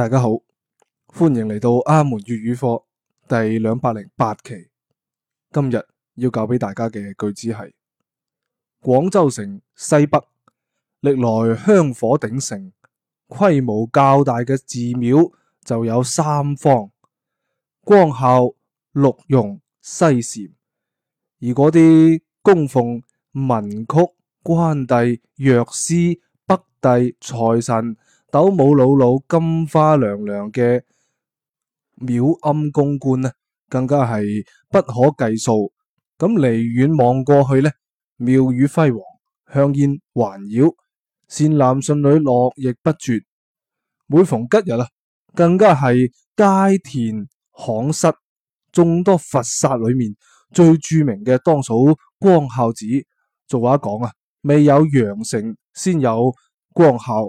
大家好，歡迎嚟到阿門粵語課第兩百零八期。今日要教俾大家嘅句子係：廣州城西北，歷來香火鼎盛，規模較大嘅寺廟就有三方，光孝、六榕、西禪。而嗰啲供奉文曲、關帝、藥師、北帝、財神。斗姆姥姥、金花娘娘嘅廟庵宮觀呢，更加係不可計數。咁離遠望過去呢，廟宇輝煌，香煙環繞，善男信女絡繹不絕。每逢吉日啊，更加係街田巷室，眾多佛剎裏面最著名嘅，當數光孝寺，俗話講啊，未有羊城先有光孝。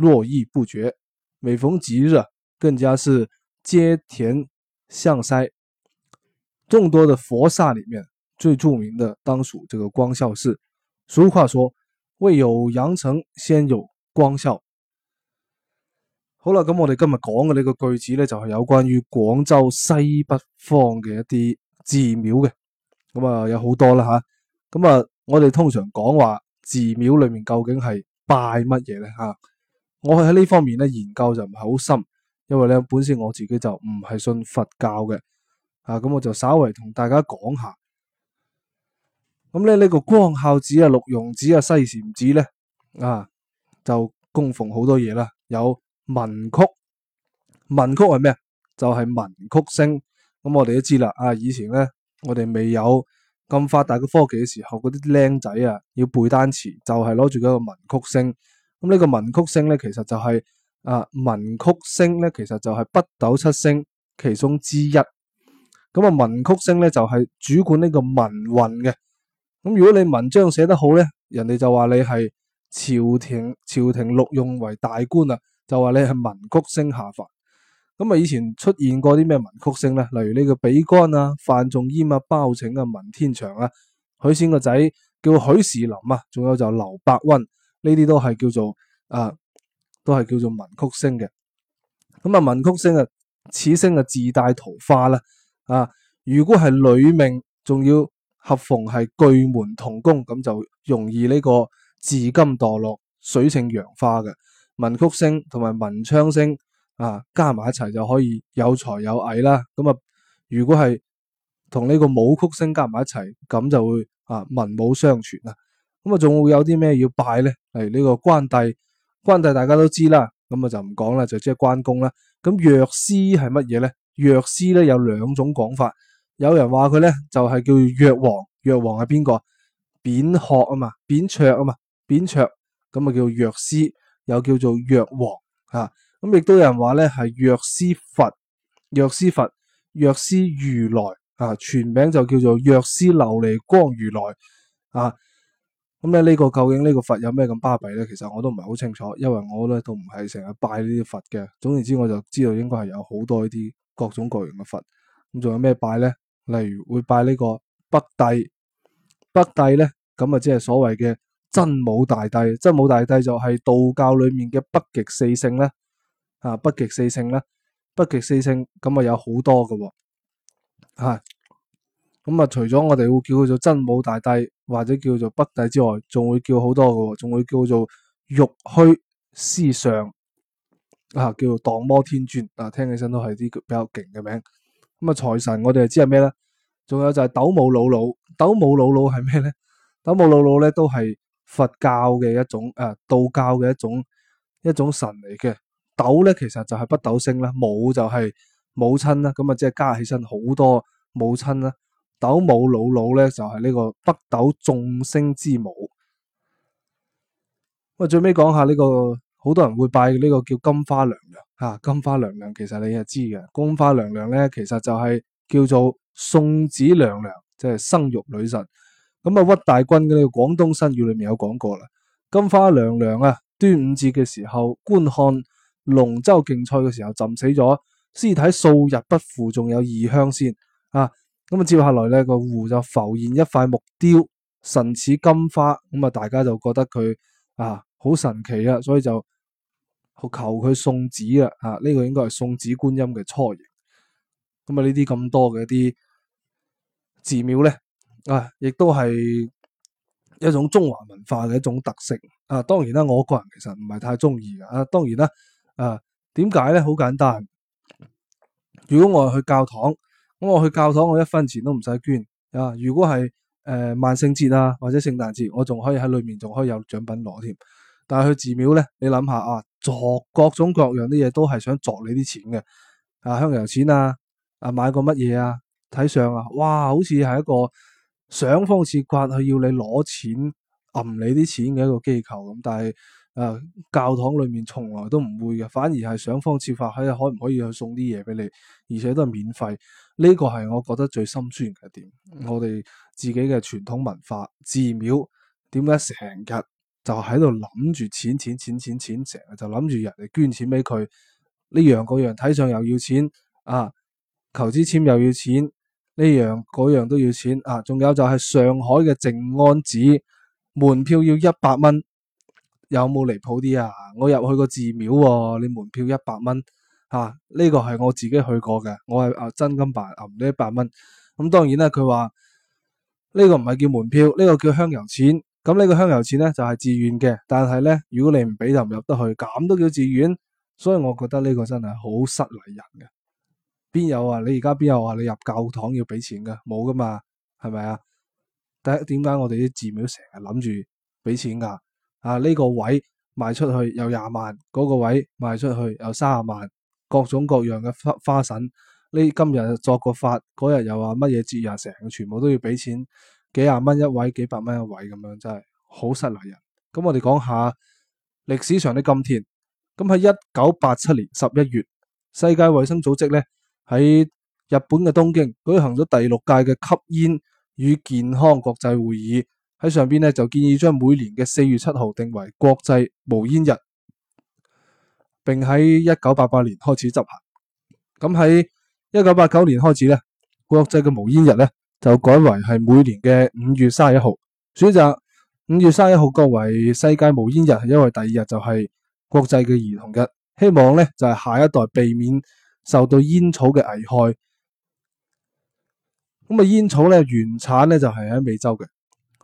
絡繹不絕，每逢吉日更加是街填巷塞。眾多的佛剎裏面，最著名的當屬這個光孝寺。俗話說：未有羊城，先有光孝。好啦，咁我哋今日講嘅呢個句子咧，就係有關於廣州西北方嘅一啲寺廟嘅。咁啊，有好多啦吓。咁啊，我哋通常講話寺廟裏面究竟係拜乜嘢咧吓？我係喺呢方面咧研究就唔係好深，因為咧本身我自己就唔係信佛教嘅，啊咁我就稍微同大家講下，咁咧呢個光孝寺啊、六榕寺啊、西禪寺咧啊，就供奉好多嘢啦，有文曲，文曲係咩啊？就係文曲星，咁我哋都知啦，啊以前咧我哋未有咁發達嘅科技嘅時候，嗰啲僆仔啊要背單詞，就係攞住嗰個文曲星。咁呢個文曲星咧，其實就係、是、啊文曲星咧，其實就係北斗七星其中之一。咁、嗯、啊文曲星咧，就係、是、主管呢個文運嘅。咁、嗯、如果你文章寫得好咧，人哋就話你係朝廷朝廷錄用為大官啊，就話你係文曲星下凡。咁、嗯、啊以前出現過啲咩文曲星咧？例如呢個比干啊、范仲淹啊、包拯啊、文天祥啊、許仙個仔叫許士林啊，仲有就劉伯溫。呢啲都係叫做啊，都係叫做文曲星嘅。咁、嗯、啊，文曲星啊，此星啊自帶桃花啦。啊，如果係女命，仲要合逢係巨門同宮，咁就容易呢個自甘墮落、水性楊花嘅。文曲星同埋文昌星啊，加埋一齊就可以有才有藝啦。咁啊，如果係同呢個武曲星加埋一齊，咁就會啊文武雙全啊。咁啊，仲會有啲咩要拜咧？例如呢個關帝，關帝大家都知啦，咁啊就唔講啦，就即係關公啦。咁藥師係乜嘢咧？藥師咧有兩種講法，有人話佢咧就係、是、叫藥王，藥王係邊個啊？扁鵲啊嘛，扁鵲啊嘛，扁鵲咁啊叫藥師，又叫做藥王啊。咁亦都有人話咧係藥師佛，藥師佛，藥師如來啊，全名就叫做藥師琉璃光如來啊。咁咧呢個究竟呢個佛有咩咁巴閉咧？其實我都唔係好清楚，因為我咧都唔係成日拜呢啲佛嘅。總言之我就知道應該係有好多呢啲各種各樣嘅佛。咁仲有咩拜咧？例如會拜呢個北帝，北帝咧咁啊，即係所謂嘅真武大帝。真武大帝就係道教裏面嘅北極四聖咧，啊，北極四聖咧，北極四聖咁啊有好多嘅、哦，吓。咁啊，除咗我哋會叫佢做真武大帝，或者叫做北帝之外，仲會叫好多嘅喎，仲會叫做玉虛師上啊，叫做蕩魔天尊啊，聽起身都係啲比較勁嘅名。咁、嗯、啊，財神我哋就知係咩咧？仲有就係斗姆姥姥，斗姆姥姥係咩咧？斗姆姥姥咧都係佛教嘅一種誒、啊，道教嘅一種一種神嚟嘅。斗咧其實就係北斗星啦，母就係母親啦，咁啊即係加起身好多母親啦。斗姆姥姥咧，就係、是、呢個北斗眾星之母。喂、哎，最尾講下呢、這個好多人會拜呢個叫金花娘娘啊！金花娘娘其實你係知嘅，金花娘娘咧，其實就係叫做送子娘娘，即、就、係、是、生育女神。咁、嗯、啊，屈大均嘅呢個《廣東新語》裏面有講過啦。金花娘娘啊，端午節嘅時候觀看龍舟競賽嘅時候，浸死咗，屍體數日不腐，仲有異香先啊！咁啊，接下來咧個湖就浮現一塊木雕，神似金花，咁啊，大家就覺得佢啊好神奇啊，所以就求佢送子啦。啊，呢、這個應該係送子觀音嘅初形。咁啊，這這呢啲咁多嘅一啲寺廟咧，啊，亦都係一種中華文化嘅一種特色。啊，當然啦，我個人其實唔係太中意嘅。啊，當然啦，啊，點解咧？好簡單，如果我哋去教堂。咁我去教堂，我一分錢都唔使捐啊！如果係誒萬聖節啊或者聖誕節，我仲可以喺裏面仲可以有獎品攞添。但係去寺廟咧，你諗下啊，作各種各樣啲嘢都係想作你啲錢嘅啊香油錢啊啊買個乜嘢啊睇相啊哇，好似係一個想方設法去要你攞錢揞你啲錢嘅一個機構咁，啊，但係。誒，教堂裏面從來都唔會嘅，反而係想方設法係可唔可以去送啲嘢俾你，而且都係免費。呢、這個係我覺得最心酸嘅點。嗯、我哋自己嘅傳統文化、寺廟，點解成日就喺度諗住錢錢錢錢錢，成日就諗住人哋捐錢俾佢？呢樣嗰樣睇上又要錢，啊，求支簽又要錢，呢樣嗰樣都要錢，啊，仲有就係上海嘅靜安寺，門票要一百蚊。有冇離譜啲啊？我入去個寺廟喎、哦，你門票一百蚊，吓、啊、呢、這個係我自己去過嘅，我係啊真金白銀俾一百蚊。咁、啊、當然啦，佢話呢個唔係叫門票，呢、這個叫香油錢。咁、嗯、呢、這個香油錢咧就係、是、自願嘅，但係咧如果你唔俾就唔入得去，咁都叫自願。所以我覺得呢個真係好失禮人嘅。邊有啊？你而家邊有話、啊、你入教堂要俾錢噶？冇噶嘛，係咪啊？第一點解我哋啲寺廟成日諗住俾錢噶？啊！呢、這個位賣出去有廿萬，嗰、那個位賣出去有三十萬，各種各樣嘅花花神，呢今日作個法，嗰日又話乜嘢節日，成個全部都要俾錢，幾廿蚊一位，幾百蚊一位咁樣，真係好失禮人。咁我哋講下歷史上的今天。咁喺一九八七年十一月，世界衞生組織咧喺日本嘅東京舉行咗第六屆嘅吸煙與健康國際會議。喺上邊咧就建議將每年嘅四月七號定為國際無煙日，並喺一九八八年開始執行。咁喺一九八九年開始咧，國際嘅無煙日咧就改為係每年嘅五月三十一號，選擇五月三十一號作為世界無煙日，因為第二日就係國際嘅兒童日，希望咧就係下一代避免受到煙草嘅危害。咁啊，煙草咧原產咧就係喺美洲嘅。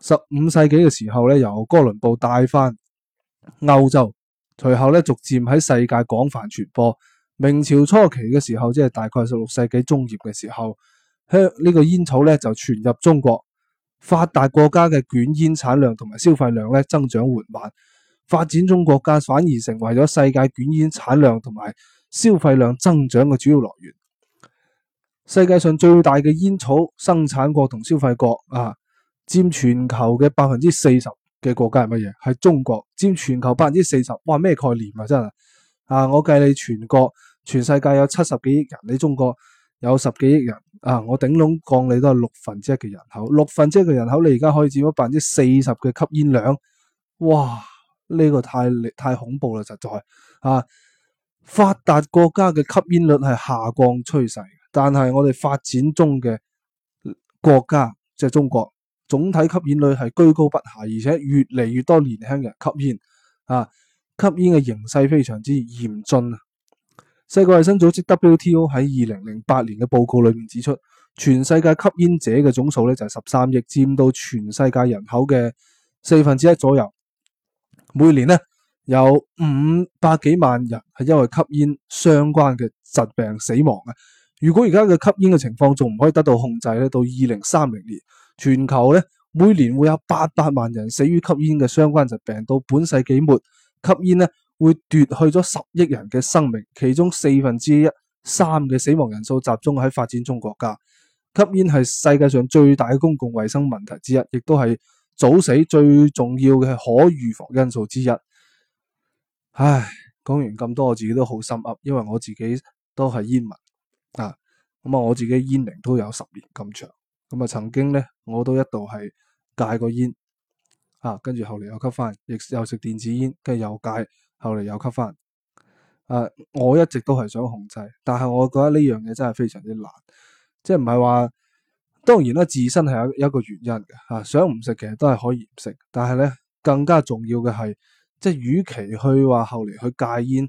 十五世紀嘅時候咧，由哥倫布帶翻歐洲，隨後咧逐漸喺世界廣泛傳播。明朝初期嘅時候，即係大概十六世紀中葉嘅時候，香呢個煙草咧就傳入中國。發達國家嘅捲煙產量同埋消費量咧增長緩慢，發展中國家反而成為咗世界捲煙產量同埋消費量增長嘅主要來源。世界上最大嘅煙草生產國同消費國啊！佔全球嘅百分之四十嘅國家係乜嘢？係中國，佔全球百分之四十。哇，咩概念啊？真係啊！我計你全國全世界有七十幾億人，你中國有十幾億人啊！我頂籠講你都係六分之一嘅人口，六分之一嘅人口，你而家可以佔咗百分之四十嘅吸煙量。哇！呢個太太恐怖啦，實在啊！發達國家嘅吸煙率係下降趨勢，但係我哋發展中嘅國家，即係中國。總體吸煙率係居高不下，而且越嚟越多年輕人吸煙，啊，吸煙嘅形勢非常之嚴峻啊！世界衛生組織 WTO 喺二零零八年嘅報告裏面指出，全世界吸煙者嘅總數咧就係十三億，佔到全世界人口嘅四分之一左右。每年呢，有五百幾萬人係因為吸煙相關嘅疾病死亡嘅，啊。如果而家嘅吸煙嘅情況仲唔可以得到控制咧，到二零三零年。全球咧每年會有八百萬人死於吸煙嘅相關疾病，到本世紀末，吸煙咧會奪去咗十億人嘅生命，其中四分之一三嘅死亡人數集中喺發展中國家。吸煙係世界上最大嘅公共衛生問題之一，亦都係早死最重要嘅可預防因素之一。唉，講完咁多，我自己都好心噏，因為我自己都係煙民啊，咁啊，我自己煙齡都有十年咁長。咁啊，曾經咧，我都一度係戒過煙啊，跟住後嚟又吸翻，亦又食電子煙，跟住又戒，後嚟又吸翻。誒，啊，我一直都係想控制，但係我覺得呢樣嘢真係非常之難，即係唔係話當然啦，自身係有一個原因嘅吓，啊，想唔食其實都係可以唔食，但係咧更加重要嘅係，即係與其去話後嚟去戒煙，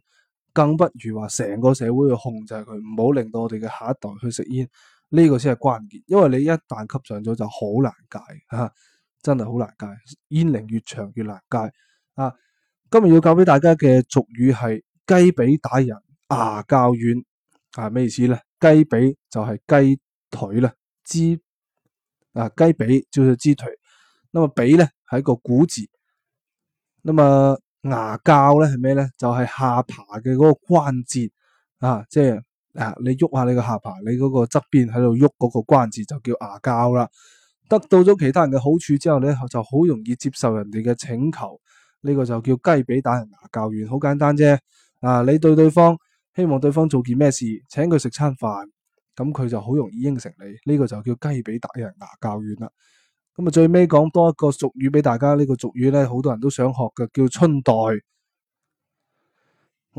更不如話成個社會去控制佢，唔好令到我哋嘅下一代去食煙。呢個先係關鍵，因為你一旦吸上咗就好難戒嚇、啊，真係好難戒。煙齡越長越難戒啊！今日要教俾大家嘅俗語係雞髀打人牙較軟啊？咩意思咧？雞髀就係雞腿啦，肢啊雞髀叫做肢腿。咁啊髀咧係一個古字。咁啊牙較咧係咩咧？就係、是、下爬嘅嗰個關節啊，即係。啊！你喐下你個下巴，你嗰個側邊喺度喐嗰個關節就叫牙骹啦。得到咗其他人嘅好處之後咧，就好容易接受人哋嘅請求。呢個就叫雞髀打人牙骹軟，好簡單啫。啊！你對對方希望對方做件咩事，請佢食餐飯，咁佢就好容易應承你。呢個就叫雞髀打人牙骹軟啦。咁啊，最尾講多一個俗語俾大家，呢個俗語咧，好多人都想學嘅，叫春袋」。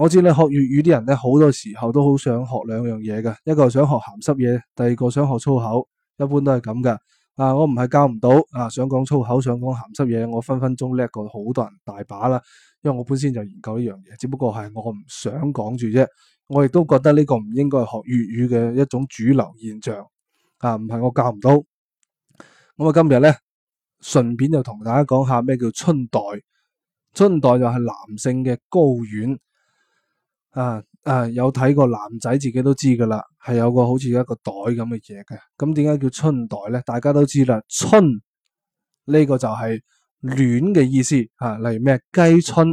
我知你學粵語啲人咧，好多時候都好想學兩樣嘢嘅，一個想學鹹濕嘢，第二個想學粗口，一般都係咁㗎。啊，我唔係教唔到，啊，想講粗口，想講鹹濕嘢，我分分鐘叻過好多人大把啦。因為我本身就研究呢樣嘢，只不過係我唔想講住啫。我亦都覺得呢個唔應該係學粵語嘅一種主流現象。啊，唔係我教唔到。咁啊，今日咧，順便就同大家講下咩叫春袋。春袋就係男性嘅睾丸。啊啊有睇過男仔自己都知噶啦，係有個好似一個袋咁嘅嘢嘅，咁點解叫春袋咧？大家都知啦，春呢、這個就係暖嘅意思啊，例如咩雞春，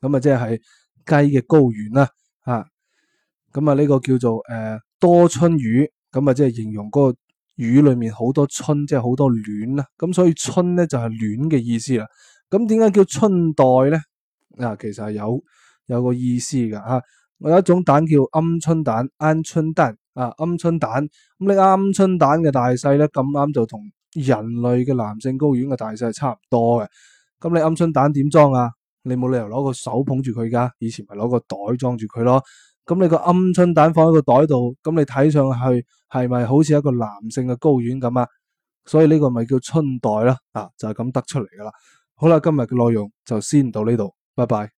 咁啊即係雞嘅高原啦，啊咁啊呢個叫做誒、呃、多春魚，咁啊即係形容嗰個魚裏面好多春，即係好多暖啦，咁所以春咧就係、是、暖嘅意思啦。咁點解叫春袋咧？啊，其實係有。有個意思噶吓，我、啊、有一種蛋叫鵪鶉蛋，鵪鶉蛋啊鵪鶉蛋，咁、啊、你鵪鶉蛋嘅大細咧咁啱就同人類嘅男性睾丸嘅大細係差唔多嘅。咁你鵪鶉蛋點裝啊？你冇理由攞個手捧住佢噶，以前咪攞個袋裝住佢咯。咁你個鵪鶉蛋放喺個袋度，咁你睇上去係咪好似一個男性嘅睾丸咁啊？所以呢個咪叫春袋啦、啊，啊就係、是、咁得出嚟噶啦。好啦，今日嘅內容就先到呢度，拜拜。